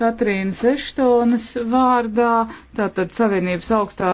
Katrīnas Eštonas vārdā, tātad Savienības augstā